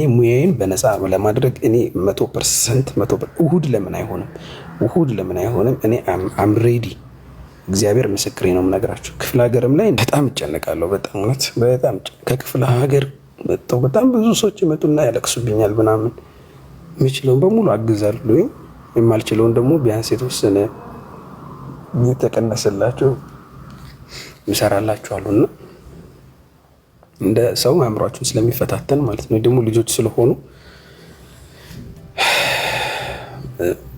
እኔ ሙያዬን በነፃ ለማድረግ እኔ መቶ ፐርሰንት መቶ እሁድ ለምን አይሆንም? እሁድ ለምን አይሆንም? እኔ አም ሬዲ እግዚአብሔር ምስክሬ ነው የምነግራቸው። ክፍለ ሀገርም ላይ በጣም እጨነቃለሁ። በጣም እውነት በጣም ከክፍለ ሀገር መጥተው በጣም ብዙ ሰዎች ይመጡና ያለቅሱብኛል ምናምን። የምችለውን በሙሉ አግዛለሁ፣ የማልችለውን ደግሞ ቢያንስ የተወሰነ የተቀነሰላቸው ይሰራላችኋሉና እንደ ሰው አእምሯችሁን ስለሚፈታተን ማለት ነው። ደግሞ ልጆች ስለሆኑ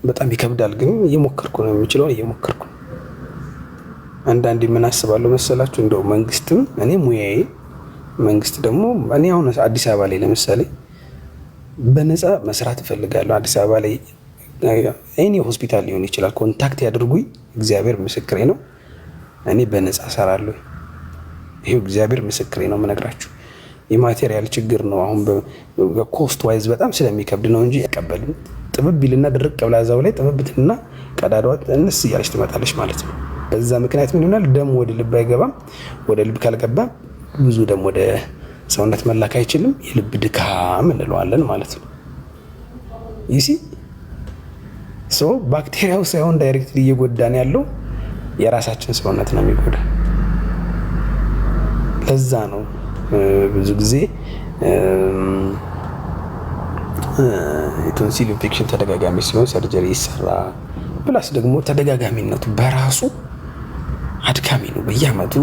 በጣም ይከብዳል። ግን እየሞከርኩ ነው፣ የሚችለውን እየሞከርኩ ነው። አንዳንዴ ምን አስባለሁ መሰላችሁ እንደው መንግስትም እኔ ሙያዬ መንግስት ደግሞ እኔ አሁን አዲስ አበባ ላይ ለምሳሌ በነፃ መስራት እፈልጋለሁ። አዲስ አበባ ላይ እኔ ሆስፒታል ሊሆን ይችላል ኮንታክት ያድርጉኝ። እግዚአብሔር ምስክሬ ነው። እኔ በነፃ ሰራለሁ። ይሄው እግዚአብሔር ምስክሬ ነው የምነግራችሁ። የማቴሪያል ችግር ነው። አሁን በኮስት ዋይዝ በጣም ስለሚከብድ ነው እንጂ አይቀበልም። ጥብብ ይልና ድርቅ ብላ እዛው ላይ ጥብብትና ቀዳዳዋ እንስ እያለች ትመጣለች ማለት ነው። በዛ ምክንያት ምን ይሆናል? ደም ወደ ልብ አይገባም። ወደ ልብ ካልገባ ብዙ ደም ወደ ሰውነት መላክ አይችልም። የልብ ድካም እንለዋለን ማለት ነው። ይሲ ሶ ባክቴሪያው ሳይሆን ዳይሬክትሊ እየጎዳን ያለው የራሳችን ሰውነት ነው የሚጎዳ ለዛ ነው ብዙ ጊዜ የቶንሲል ኢንፌክሽን ተደጋጋሚ ሲሆን ሰርጀሪ ይሰራ። ፕላስ ደግሞ ተደጋጋሚነቱ በራሱ አድካሚ ነው። በየአመቱ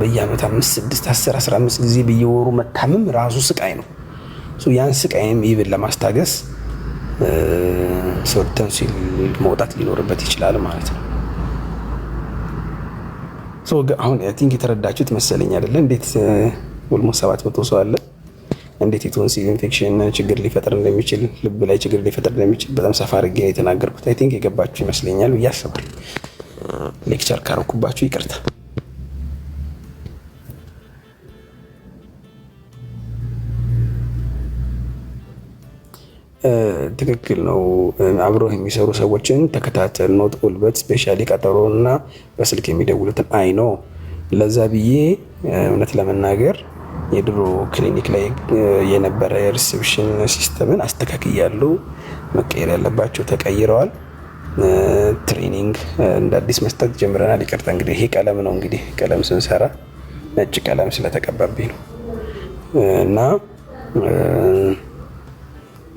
በየአመት አምስት ስድስት አስር አስራ አምስት ጊዜ በየወሩ መታመም ራሱ ስቃይ ነው። ያን ስቃይም ይብን ለማስታገስ ቶንሲል መውጣት ሊኖርበት ይችላል ማለት ነው። አሁን ቲንክ የተረዳችሁት መሰለኝ አይደለ? እንዴት ኦልሞስት ሰባት መቶ ሰው አለ እንዴት የቶንሲል ኢንፌክሽን ችግር ሊፈጥር እንደሚችል ልብ ላይ ችግር ሊፈጥር እንደሚችል በጣም ሰፋ አድርጌ የተናገርኩት አይ ቲንክ የገባችሁ ይመስለኛል ብዬ አስባለሁ። ሌክቸር ካረኩባችሁ ይቅርታ። ትክክል ነው። አብረው የሚሰሩ ሰዎችን ተከታተል፣ ኖት ጉልበት ስፔሻሊ እና በስልክ የሚደውሉትን አይ ነው። ለዛ ብዬ እውነት ለመናገር የድሮ ክሊኒክ ላይ የነበረ የሪሴፕሽን ሲስተምን ያሉ መቀየር ያለባቸው ተቀይረዋል። ትሬኒንግ እንደ አዲስ መስጠት ጀምረናል። ይቅርታ እንግዲህ ይሄ ቀለም ነው እንግዲህ ቀለም ስንሰራ ነጭ ቀለም ስለተቀባብኝ ነው እና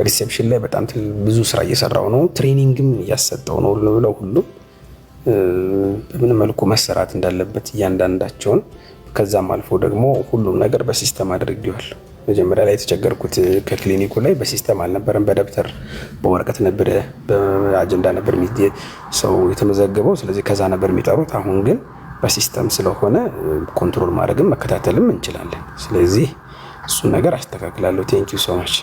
ሪሴፕሽን ላይ በጣም ብዙ ስራ እየሰራው ነው። ትሬኒንግም እያሰጠው ነው ብለው ሁሉም በምን መልኩ መሰራት እንዳለበት እያንዳንዳቸውን ከዛም አልፎ ደግሞ ሁሉም ነገር በሲስተም አድርጌዋል። መጀመሪያ ላይ የተቸገርኩት ከክሊኒኩ ላይ በሲስተም አልነበረም። በደብተር በወረቀት ነበረ፣ በአጀንዳ ነበር ሰው የተመዘገበው። ስለዚህ ከዛ ነበር የሚጠሩት። አሁን ግን በሲስተም ስለሆነ ኮንትሮል ማድረግም መከታተልም እንችላለን። ስለዚህ እሱን ነገር አስተካክላለሁ። ቴንኪው ሶ ማች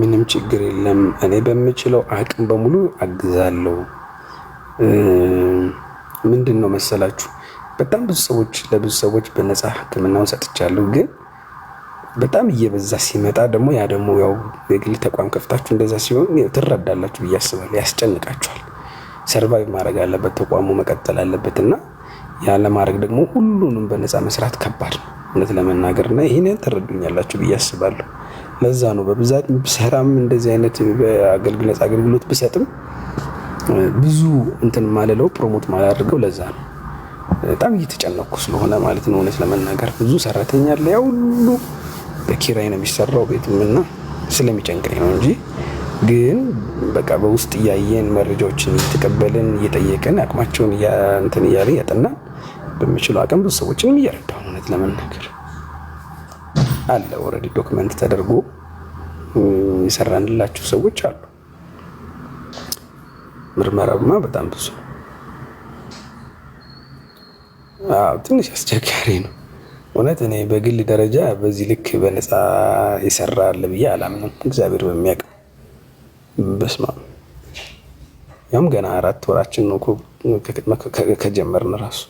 ምንም ችግር የለም፣ እኔ በምችለው አቅም በሙሉ አግዛለሁ። ምንድን ነው መሰላችሁ በጣም ብዙ ሰዎች ለብዙ ሰዎች በነፃ ሕክምናውን ሰጥቻለሁ። ግን በጣም እየበዛ ሲመጣ ደግሞ ያ ደግሞ ያው የግል ተቋም ከፍታችሁ እንደዛ ሲሆን ትረዳላችሁ ብዬ አስባለሁ። ያስጨንቃችኋል። ሰርቫይቭ ማድረግ አለበት ተቋሙ መቀጠል አለበት እና ያ ለማድረግ ደግሞ ሁሉንም በነፃ መስራት ከባድ ነው እውነት ለመናገር እና ይህንን ትረዱኛላችሁ ብዬ አስባለሁ። ለዛ ነው በብዛት ብሰራም እንደዚህ አይነት አገልግሎት አገልግሎት ብሰጥም ብዙ እንትን ማለለው ፕሮሞት ማላደርገው ለዛ ነው በጣም እየተጨነኩ ስለሆነ ማለት ነው። እውነት ለመናገር ብዙ ሰራተኛ አለ። ያው ሁሉ በኪራይ ነው የሚሰራው ቤትም እና ስለሚጨንቀኝ ነው እንጂ ግን በቃ በውስጥ እያየን መረጃዎችን እየተቀበልን እየጠየቅን አቅማቸውን እንትን እያለ እያጠናን በምችለው አቅም ብዙ ሰዎችንም እየረዳሁ እውነት ለመናገር አለ ኦልሬዲ ዶክመንት ተደርጎ የሰራንላችሁ ሰዎች አሉ። ምርመራማ በጣም ብዙ አዎ፣ ትንሽ አስቸጋሪ ነው እውነት። እኔ በግል ደረጃ በዚህ ልክ በነፃ ይሰራ አለ ብዬ አላምንም። እግዚአብሔር በሚያውቅ በስማ ያም ገና አራት ወራችን ነው ከጀመርን ራሱ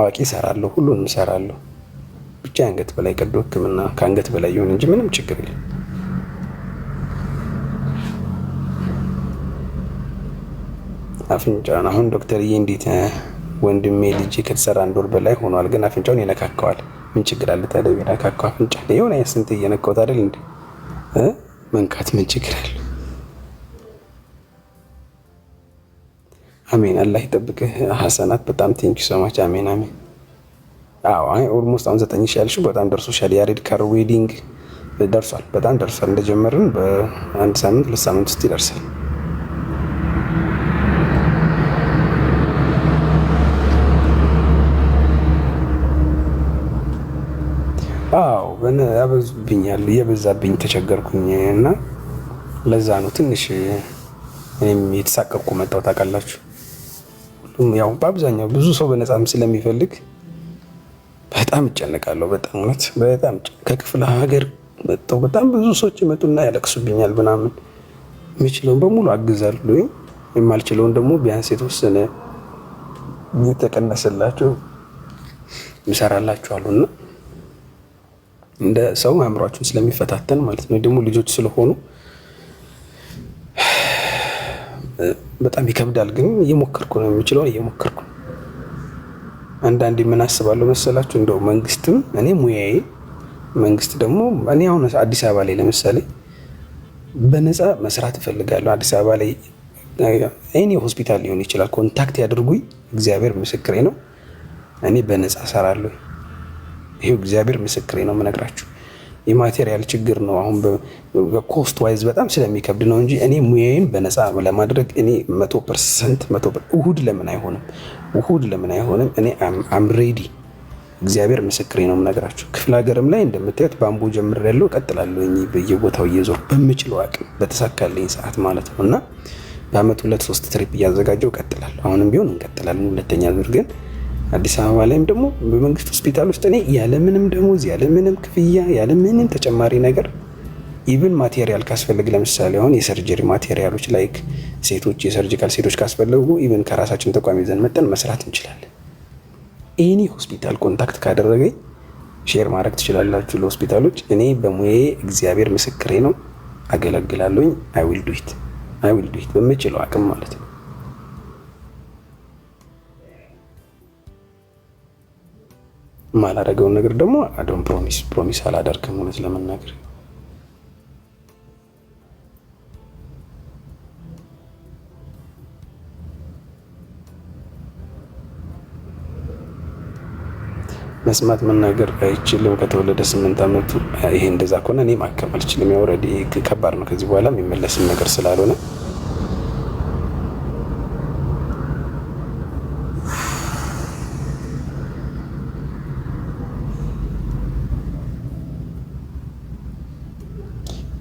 አዋቂ እሰራለሁ፣ ሁሉንም እሰራለሁ ብቻ አንገት በላይ ቀዶ ሕክምና ከአንገት በላይ ይሁን እንጂ ምንም ችግር የለም። አፍንጫውን አሁን ዶክተርዬ እንዴት ወንድሜ ልጅ ከተሰራ አንድ ወር በላይ ሆኗል፣ ግን አፍንጫውን ይነካከዋል። ምን ችግር አለ ታዲያ? ቢነካከው አፍንጫ የሆነ ስንት እየነካሁት አይደል እንዴ? መንካት ምን ችግር አለ? አሜን። አላህ ይጠብቅህ ሀሰናት። በጣም ቴንኪ ሶማች። አሜን አሜን። ኦልሞስት አሁን ዘጠኝ ሺ ያልሽው በጣም ደርሶሻል። ያሬድ ካር ዌዲንግ ደርሷል፣ በጣም ደርሷል። እንደጀመርን በአንድ ሳምንት ሁለት ሳምንት ውስጥ ይደርሳል። አዎ ያበዙብኛል፣ እየበዛብኝ ተቸገርኩኝ እና ለዛ ነው ትንሽ እኔም የተሳቀቅኩ መጣሁ። ታውቃላችሁ፣ ሁሉም ያው በአብዛኛው ብዙ ሰው በነፃም ስለሚፈልግ በጣም እጨነቃለሁ። በጣም እውነት በጣም ከክፍለ ሀገር መጥተው በጣም ብዙ ሰዎች ይመጡና ያለቅሱብኛል ምናምን። የሚችለውን በሙሉ አግዛለሁ፣ የማልችለውን ደግሞ ቢያንስ የተወሰነ የተቀነሰላቸው ይሰራላችኋሉ እና እንደ ሰው አእምሯችሁን ስለሚፈታተን ማለት ነው። ደግሞ ልጆች ስለሆኑ በጣም ይከብዳል። ግን እየሞከርኩ ነው፣ የምችለውን እየሞከርኩ አንዳንዴ ምን አስባለሁ መሰላችሁ እንደው መንግስትም እኔ ሙያዬ መንግስት ደግሞ እኔ አሁን አዲስ አበባ ላይ ለምሳሌ በነፃ መስራት እፈልጋለሁ። አዲስ አበባ ላይ እኔ ሆስፒታል ሊሆን ይችላል፣ ኮንታክት ያድርጉኝ። እግዚአብሔር ምስክሬ ነው። እኔ በነፃ ሰራለሁ። ይሄው እግዚአብሔር ምስክሬ ነው የምነግራችሁ የማቴሪያል ችግር ነው። አሁን በኮስት ዋይዝ በጣም ስለሚከብድ ነው እንጂ እኔ ሙያዬን በነፃ ለማድረግ እኔ መቶ ፐርሰንት እሁድ ለምን አይሆንም? እሁድ ለምን አይሆንም? እኔ አም ሬዲ እግዚአብሔር ምስክሬ ነው የምነግራቸው። ክፍለ ሀገርም ላይ እንደምታዩት በአምቦ ጀምር ያለው እቀጥላለሁ በየቦታው እየዞር በምችለው አቅም በተሳካልኝ ሰዓት ማለት ነው እና በአመት ሁለት ሶስት ትሪፕ እያዘጋጀው እቀጥላለሁ። አሁንም ቢሆን እንቀጥላለን። ሁለተኛ ዙር ግን አዲስ አበባ ላይም ደግሞ በመንግስት ሆስፒታል ውስጥ እኔ ያለምንም ደሞዝ ያለምንም ክፍያ ያለምንም ተጨማሪ ነገር ኢቭን ማቴሪያል ካስፈልግ ለምሳሌ አሁን የሰርጀሪ ማቴሪያሎች ላይክ ሴቶች የሰርጂካል ሴቶች ካስፈለጉ ኢቭን ከራሳችን ተቋም ይዘን መጠን መስራት እንችላለን። ኤኒ ሆስፒታል ኮንታክት ካደረገኝ ሼር ማድረግ ትችላላችሁ ለሆስፒታሎች። እኔ በሙዬ እግዚአብሔር ምስክሬ ነው አገለግላለኝ። አይ ዊል ዱ ኢት አይ ዊል ዱ ኢት በምችለው አቅም ማለት ነው። የማላደርገውን ነገር ደግሞ አዶን ፕሮሚስ ፕሮሚስ አላደርግም። እውነት ለመናገር መስማት መናገር አይችልም። ከተወለደ ስምንት ዓመቱ ይሄ እንደዛ ከሆነ እኔ ማከም አልችልም። ያው ኦልሬዲ ከባድ ነው። ከዚህ በኋላ የሚመለስም ነገር ስላልሆነ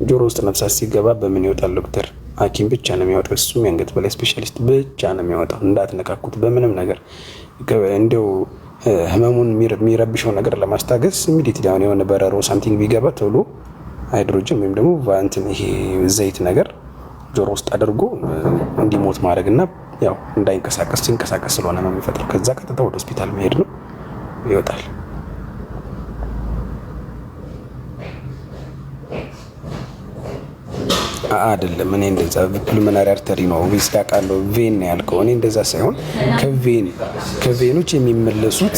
ጆሮ ውስጥ ነፍሳት ሲገባ በምን ይወጣል ዶክተር? ሐኪም ብቻ ነው የሚያወጣው። እሱ የአንገት በላይ ስፔሻሊስት ብቻ ነው የሚያወጣው። እንዳትነካኩት በምንም ነገር እንደው ህመሙን የሚረብሸው ነገር ለማስታገስ ሚዲት ዳሁን የሆነ በረሮ ሳምቲንግ ቢገባ ቶሎ ሃይድሮጅን ወይም ደግሞ ቫንትን ይሄ ዘይት ነገር ጆሮ ውስጥ አድርጎ እንዲሞት ማድረግ እና ያው እንዳይንቀሳቀስ ሲንቀሳቀስ ስለሆነ ነው የሚፈጥረው። ከዛ ቀጥታ ወደ ሆስፒታል መሄድ ነው ይወጣል። አይደለም። እኔ እንደዛ ፕልመናሪ አርተሪ ነው ወይስ ታውቃለህ፣ ቬን ነው ያልከው። እኔ እንደዛ ሳይሆን ከቬን ከቬኖች የሚመለሱት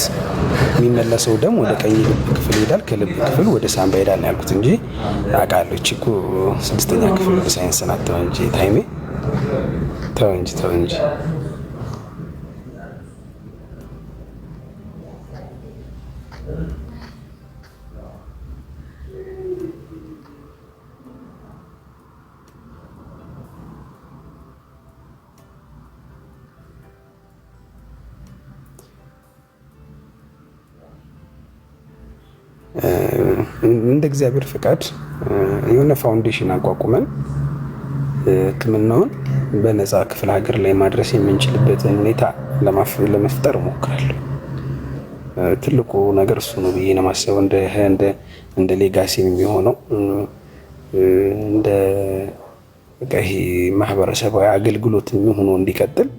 የሚመለሰው ደም ወደ ቀኝ ልብ ክፍል ይሄዳል፣ ከልብ ክፍል ወደ ሳምባ ይሄዳል ነው ያልኩት እንጂ አውቃለሁ። እቺ እኮ ስድስተኛ ክፍል ሳይንስ ናት። ተው እንጂ ታይሜ፣ ተው እንጂ፣ ተው እንጂ እግዚአብሔር ፍቃድ የሆነ ፋውንዴሽን አቋቁመን ሕክምናውን በነፃ ክፍለ ሀገር ላይ ማድረስ የምንችልበትን ሁኔታ ለመፍጠር እሞክራለሁ። ትልቁ ነገር እሱ ነው ብዬ ነው እንደ ሌጋሲ የሚሆነው እንደ ይሄ ማህበረሰባዊ አገልግሎት የሚሆነው እንዲቀጥል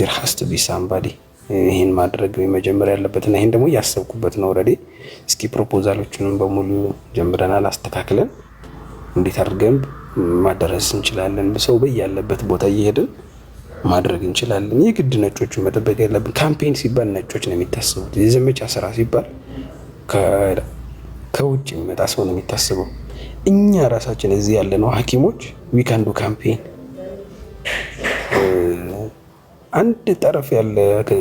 ዜር ሀስ ቢ ሳምባዲ ይህን ማድረግ መጀመር ያለበትና ይህን ደግሞ እያሰብኩበት ነው። ረዴ እስኪ ፕሮፖዛሎችንም በሙሉ ጀምረናል አስተካክለን እንዴት አድርገን ማደረስ እንችላለን። ሰው በይ ያለበት ቦታ እየሄድን ማድረግ እንችላለን። የግድ ነጮቹን መጠበቅ ያለብን ካምፔን ሲባል ነጮች ነው የሚታስቡት። የዘመቻ ስራ ሲባል ከውጭ የሚመጣ ሰው ነው የሚታስበው። እኛ ራሳችን እዚህ ያለነው ሐኪሞች ዊካንዱ ካምፔን አንድ ጠረፍ ያለ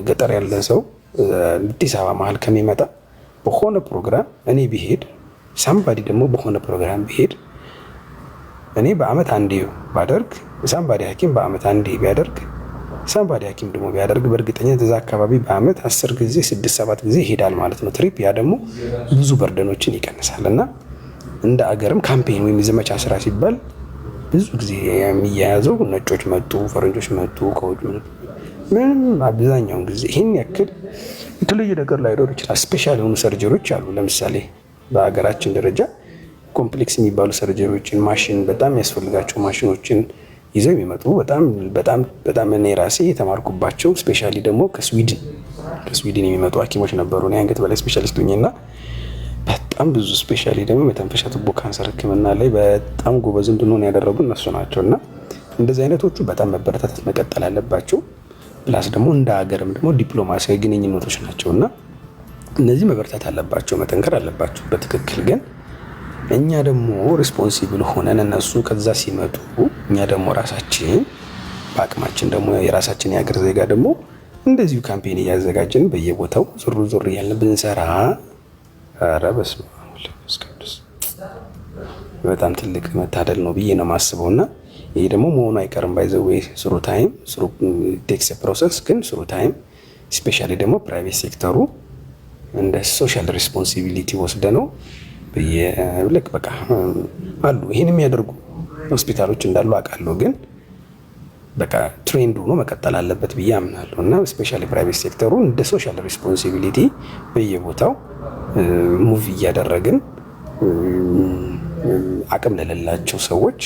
ገጠር ያለ ሰው አዲስ አበባ መሀል ከሚመጣ በሆነ ፕሮግራም እኔ ብሄድ ሳምባዲ ደግሞ በሆነ ፕሮግራም ብሄድ እኔ በአመት አንዴ ባደርግ ሳምባዲ ሐኪም በአመት አንዴ ቢያደርግ ሳምባዲ ሐኪም ደግሞ ቢያደርግ በእርግጠኛ እዛ አካባቢ በአመት አስር ጊዜ ስድስት ሰባት ጊዜ ይሄዳል ማለት ነው ትሪፕ። ያ ደግሞ ብዙ በርደኖችን ይቀንሳል እና እንደ አገርም ካምፔን ወይም የዘመቻ ስራ ሲባል ብዙ ጊዜ የሚያያዘው ነጮች መጡ፣ ፈረንጆች መጡ ከውጭ ምንም አብዛኛውን ጊዜ ይህን ያክል የተለየ ነገር ላይኖር ይችላል። ስፔሻል የሆኑ ሰርጀሪዎች አሉ። ለምሳሌ በሀገራችን ደረጃ ኮምፕሌክስ የሚባሉ ሰርጀሪዎችን ማሽን በጣም የሚያስፈልጋቸው ማሽኖችን ይዘው የሚመጡ በጣም በጣም እኔ ራሴ የተማርኩባቸው ስፔሻሊ ደግሞ ከስዊድን ከስዊድን የሚመጡ ሐኪሞች ነበሩ። እኔ አንገት በላይ ስፔሻሊስት ሆኜና በጣም ብዙ ስፔሻሊ ደግሞ የተንፈሻ ቱቦ ካንሰር ሕክምና ላይ በጣም ጎበዝ እንድንሆን ያደረጉ እነሱ ናቸው እና እንደዚህ አይነቶቹ በጣም መበረታታት መቀጠል አለባቸው። ፕላስ ደግሞ እንደ ሀገርም ደግሞ ዲፕሎማሲያዊ ግንኙነቶች ናቸው እና እነዚህ መበርታት አለባቸው፣ መጠንከር አለባቸው። በትክክል ግን እኛ ደግሞ ሪስፖንሲብል ሆነን እነሱ ከዛ ሲመጡ እኛ ደግሞ ራሳችን በአቅማችን ደግሞ የራሳችን የሀገር ዜጋ ደግሞ እንደዚሁ ካምፔን እያዘጋጀን በየቦታው ዙር ዙር እያልን ብንሰራ ኧረ በስመ አብ ቅዱስ በጣም ትልቅ መታደል ነው ብዬ ነው የማስበው እና ይሄ ደግሞ መሆኑ አይቀርም። ባይ ዘ ዌይ ስሩ ታይም ቴክስ ፕሮሰስ ግን ስሩ ታይም ስፔሻሊ ደግሞ ፕራይቬት ሴክተሩ እንደ ሶሻል ሬስፖንሲቢሊቲ ወስደ ነው ልክ በቃ um, አሉ ይህን የሚያደርጉ ሆስፒታሎች እንዳሉ አውቃለሁ። ግን በቃ ትሬንድ ሆኖ መቀጠል አለበት ብዬ አምናለሁ እና ስፔሻሊ ፕራይቬት ሴክተሩ እንደ ሶሻል ሬስፖንሲቢሊቲ በየቦታው ሙቭ uh, እያደረግን um, um, አቅም ለሌላቸው ሰዎች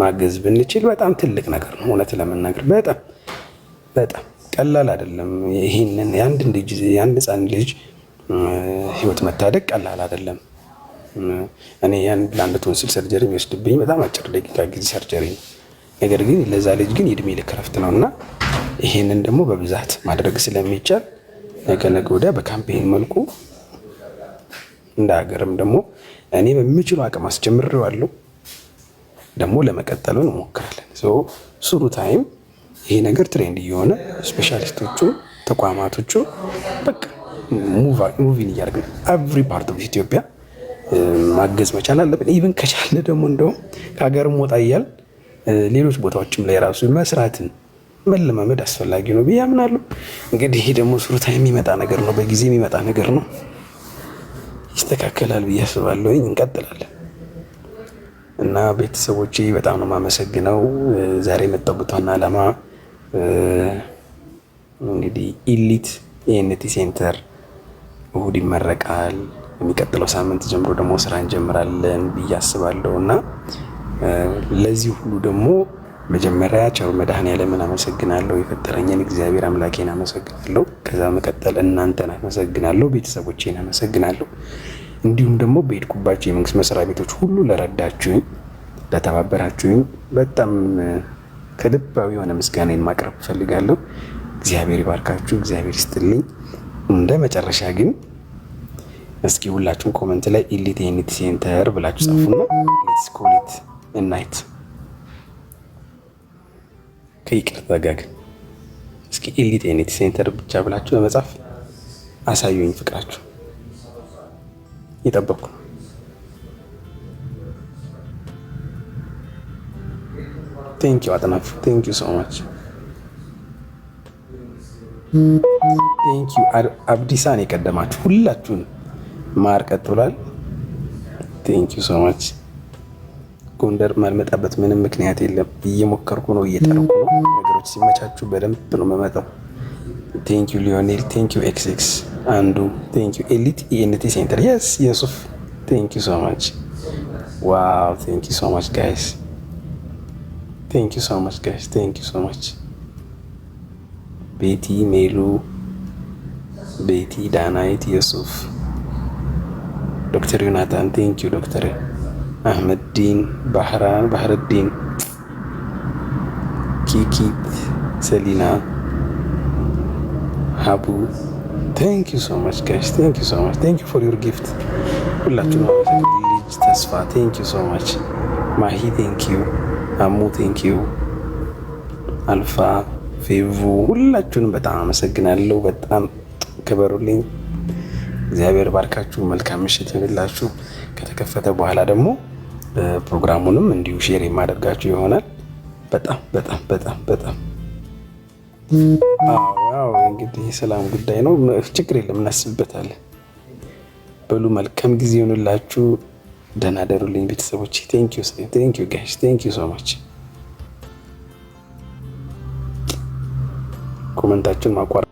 ማገዝ ብንችል በጣም ትልቅ ነገር ነው። እውነት ለመናገር በጣም በጣም ቀላል አይደለም። ይህንን የአንድ ህፃን ልጅ ህይወት መታደግ ቀላል አይደለም። እኔ ያን ለአንድ ቶንሲል ሰርጀሪ የሚወስድብኝ በጣም አጭር ደቂቃ ጊዜ ሰርጀሪ ነው። ነገር ግን ለዛ ልጅ ግን የእድሜ ልክ ረፍት ነው እና ይሄንን ደግሞ በብዛት ማድረግ ስለሚቻል ነገ ነገ ወዲያ በካምፔን መልኩ እንደ ሀገርም ደግሞ እኔ በሚችሉ አቅም አስጀምሬዋለሁ። ደግሞ ለመቀጠሉ እንሞክራለን። ስሩ ታይም ይሄ ነገር ትሬንድ እየሆነ ስፔሻሊስቶቹ ተቋማቶቹ በቃ ሙቪን እያደረግን ኤቭሪ ፓርት ኦፍ ኢትዮጵያ ማገዝ መቻል አለብን። ኢቨን ከቻለ ደግሞ እንደውም ከሀገርም ወጣ እያል ሌሎች ቦታዎችም ላይ ራሱ መስራትን መለማመድ አስፈላጊ ነው ብዬ አምናለሁ። እንግዲህ ይሄ ደግሞ ስሩ ታይም የሚመጣ ነገር ነው፣ በጊዜ የሚመጣ ነገር ነው። ይስተካከላል ብዬ አስባለሁ። እንቀጥላለን። እና ቤተሰቦቼ በጣም ነው የማመሰግነው። ዛሬ የመጣሁበት ዋና ዓላማ እንግዲህ ኢሊት ኤንቲ ሴንተር እሁድ ይመረቃል። የሚቀጥለው ሳምንት ጀምሮ ደግሞ ስራ እንጀምራለን ብዬ አስባለሁ እና ለዚህ ሁሉ ደግሞ መጀመሪያ ቸሩ መድኃኔዓለምን አመሰግናለሁ። የፈጠረኝን እግዚአብሔር አምላኬን አመሰግናለሁ። ከዛ መቀጠል እናንተን አመሰግናለሁ። ቤተሰቦቼን አመሰግናለሁ። እንዲሁም ደግሞ በሄድኩባቸው የመንግስት መስሪያ ቤቶች ሁሉ ለረዳችሁኝ፣ ለተባበራችሁኝ በጣም ከልባዊ የሆነ ምስጋናን ማቅረብ እፈልጋለሁ። እግዚአብሔር ይባርካችሁ፣ እግዚአብሔር ይስጥልኝ። እንደ መጨረሻ ግን እስኪ ሁላችሁም ኮመንት ላይ ኢሊት ዩኒቲ ሴንተር ብላችሁ ጻፉና ሌትስ ኮል ኢት አ ናይት። ከይቅርታ ጋር ግን እስኪ ኢሊት ዩኒቲ ሴንተር ብቻ ብላችሁ በመጻፍ አሳዩኝ ፍቅራችሁ። እየጠበቅኩ ነው። ቴንኪው አጥናፉ፣ ቴንኪው ሰማች፣ ቴንኪው አብዲሳን የቀደማችሁ ሁላችሁን ማር ቀጥሏል። ቴንኪው ሰማች። ጎንደር ማልመጣበት ምንም ምክንያት የለም። እየሞከርኩ ነው፣ እየጠረኩ ነው። ነገሮች ሲመቻችሁ በደንብ ነው መመጣው። ቴንኪው ሊዮኔል፣ ቴንኪው ኤክስ ኤክስ አንዱ ቴንክ ዩ ኤሊት ኢኤንቲ ሴንተር የስ የሱፍ ቴንክ ዩ ሶ ማች ዋው ቴንክ ዩ ሶ ማች ጋይስ ቴንክ ዩ ሶ ማች ጋይስ ቴንክ ዩ ሶ ማች ቤቲ ሜሉ ቤቲ ዳናይት የሱፍ ዶክተር ዮናታን ቴንክ ዩ ዶክተር አህመድ ዲን ባህራን ባህርዲን ኪኪት ሰሊና ሀቡ ቴንክ ዩ ሶ ማች ጋሽ ቴንክ ዩ ሶ ማች ቴንክ ዩ ፎር ዩር ጊፍት ሁላችሁ ልጅ ተስፋ ቴንክ ዩ ሶ ማች ማሂ ቴንክ ዩ አሙ ቴንክ ዩ አልፋ ፌቭ ሁላችሁንም በጣም አመሰግናለሁ። በጣም ክበሩልኝ። እግዚአብሔር ባርካችሁ። መልካም ምሽት ይሁንላችሁ። ከተከፈተ በኋላ ደግሞ ፕሮግራሙንም እንዲሁ ሼር የማደርጋችሁ ይሆናል። በጣም በጣም በጣም በጣም እንግዲህ የሰላም ጉዳይ ነው፣ ችግር የለም እናስብበታለን። በሉ መልካም ጊዜ ይሆንላችሁ። ደህና ደሩልኝ ቤተሰቦች። ቴንክ ዩ ጋሽ፣ ቴንክ ዩ ሶማች። ኮመንታችሁን ማቋረጥ